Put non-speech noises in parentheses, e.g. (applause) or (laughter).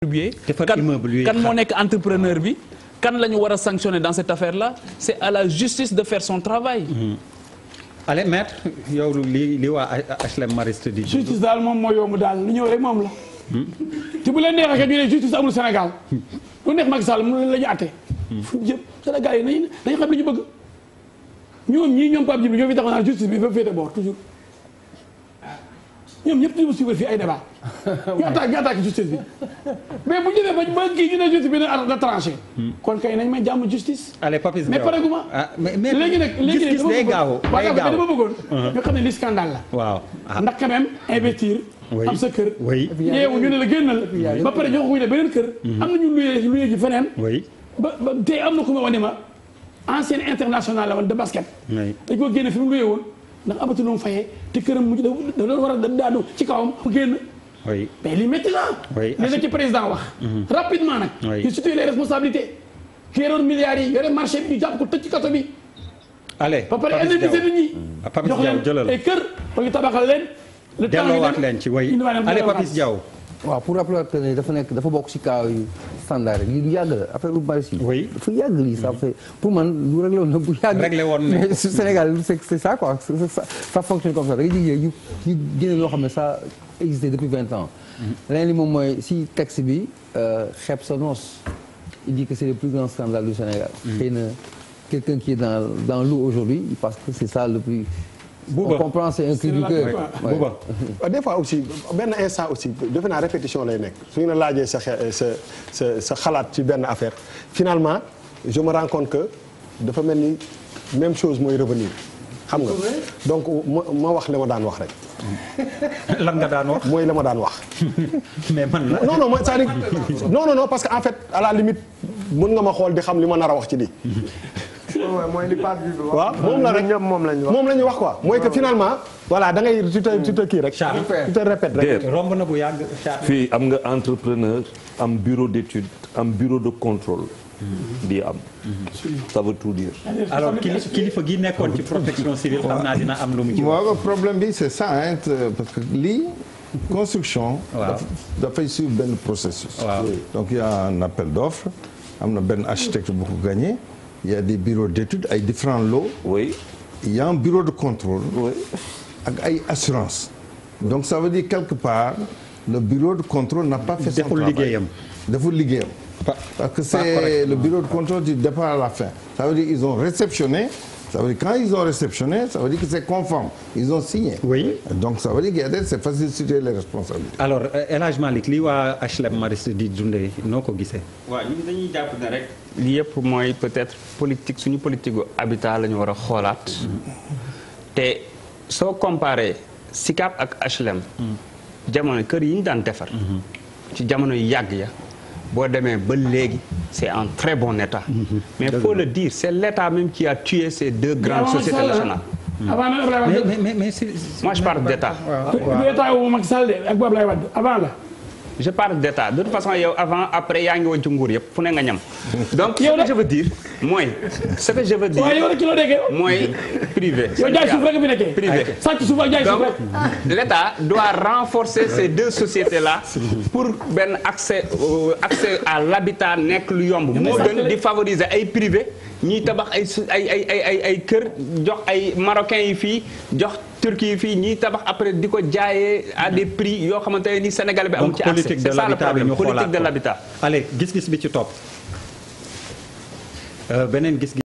kan moo nekk entrepreneur bi kan la ñu war a sanctionner dans cette affaire la c'est à la justice de faire son travail mm-hmm. allez maître yow li li waa HLM Mariste di justice daal moom moo yomb daal lu ñëw rek moom la mm-hmm. te bu leen neexee kat ñu ne justice amul Sénégal lu neex Macky Sall mu la ñu àtte mm-hmm. fu jëpp Sénégal yi nañ nañ xam li ñu bëgg ñoom ñii ñoom Pape Djibril ñoo fi taxaw naan justice bi ba féete boor ñoom ñëpp dañoo suivre fii ay débat. (laughs) ñu attaque ñu attaque justice bi mais bu ñu demee ba ba ñu ne justice bi ne tranché. Hmm. kon kay nañ may jàmm justice. allez papis mais pare gu ma. Ah, mais mais léegi nag léegi nag gaaw day gaaw dama (laughs) uh-huh. xam ne li scandale la. waaw ah. ndax quand même investir. am sa kër. oui yeewu ñu ne la génnal. ba pare ñoo ko ne beneen kër. Mm-hmm. am nañu luyee luyee ji feneen. ba ba am na ku ma wane ma ancien international la woon de basket. dañ ko génne fi mu luyee woon. ndax amatul lu mu fayee te mu mujj da doon war a daanu ci kawam mu génn. oui mais li métti li la ci président wax. Mhm. rapidement nag. oui ñu situé les responsabilités. ki yoroon milliards yi yore marché bi ñu jàpp ko tëj ci kaso bi. allez ba pare indemniser nit ñi. Ah, Papis Diaw jox leen ay kër ba ñu tabaxal leen. le temps delloowaat leen ci way allez Papis Diaw. waaw pour rappeler que ne dafa nekk dafa bokk ci cas yu standard rek lii du yàgg la affaire Oumar Sy. oui dafa yàgg fait pour man lu réglé woon na bu yàgg. réglé woon Sénégal c'est ça quoi ça fonctionne comme ça da nga ñu ñu génne loo xam ne ça existé depuis vingt ans. Mm-hmm. leneen li moom mooy ci texte bi xeeb euh, sa noos. il dit que c'est le plus grand scandale du Sénégal. Mm-hmm. na quelqu'un qui est dans dans l'eau aujourd'hui parce que c'est ça le plus. on comprend c'est un cri du cœur Bouba euh, des fois aussi benn instant aussi defe naa répétition lay nekk su ñu la laajee sa sa sa sa xalaat ci benn affaire finalement je me rends que dafa mel ni même chose mooy revenir xam nga donc ma wax li ma daan wax rek. (laughs) lan nga daan wax. mooy la ma daan wax. (laughs) mais man la non non mooy cest parce que en fait à la limite mën nga ma xool di xam li ma nar a wax ci lii. (laughs) mooy li Pape Diouf wax. moom la rek wax ko la ñu wax quoi. mooy que finalement. voilà da kii rek. te répète rek. romb na bu yàgg fii am nga entrepreneur am bureau d'étude am bureau de contrôle. Mhm. di am. Mhm. ça veut tout dire. alors kilifa gi nekkoon ci protection civile xam naa dina am lu mu ci wax. problème bi c'est ça lii. construction. benn processus. donc il y appel d'offres am na benn architecte bu ko il y a des bureaux d'études ay différents lots. oui il y a un bureau de contrôle. oui ak ay assurance donc ça veut dire quelque part le bureau de contrôle n'a pas fait son travail deful liggéeyam deful liggéeyam. parce que c'est le bureau de contrôle du départ à la fin. ça veut dire ils ont réceptionné. ça veut dire quand ils ont réceptionné ça veut dire que c'est conforme ils ont signé. oui donc ça veut dire que c'est facile situer les responsabilités. alors euh, El Hadj Malick lii waa HLM Maristes di dundee noo ko gisee. waaw ñun dañuy jàpp ne rek. li yëpp mooy peut-être politique suñu politique gu habitat la ñu war a xoolaat te soo comparé SICAP ak HLM jamono kër yi ñu daan defar ci jamono yu yàgg ya boo demee ba léegi c'est en très bon état mais faut le dire c'est l'état même qui a tué ces deux grandes sociétés euh, nationales avant la d'état du état bu Macky Sall de ak bu Ablaye Wade avant la je parle d'état de toute façon yow avant après yaa ngi woon ci nguur yëpp fu ne nga ñam. donc ce que je veux dire mooy. ce que je veux dire mooy privé. yow jaay privé. sàcc suuf ak jaay suuf donc l'état doit renforcer ces deux sociétés là pour benn accès euh, accès à l'habitat nekk lu yomb. moo gën di favoriser ay privé ñiy tabax ay su ay ay ay ay kër jox ay marocains yi fii jox turcs yi fii ñi tabax après di ko jaaye a des prix yoo xamante ne ni Sénégal bi am ci accès politique de l'habitat bi ñu gis-gis bi ci topp euh, beneen gis-gis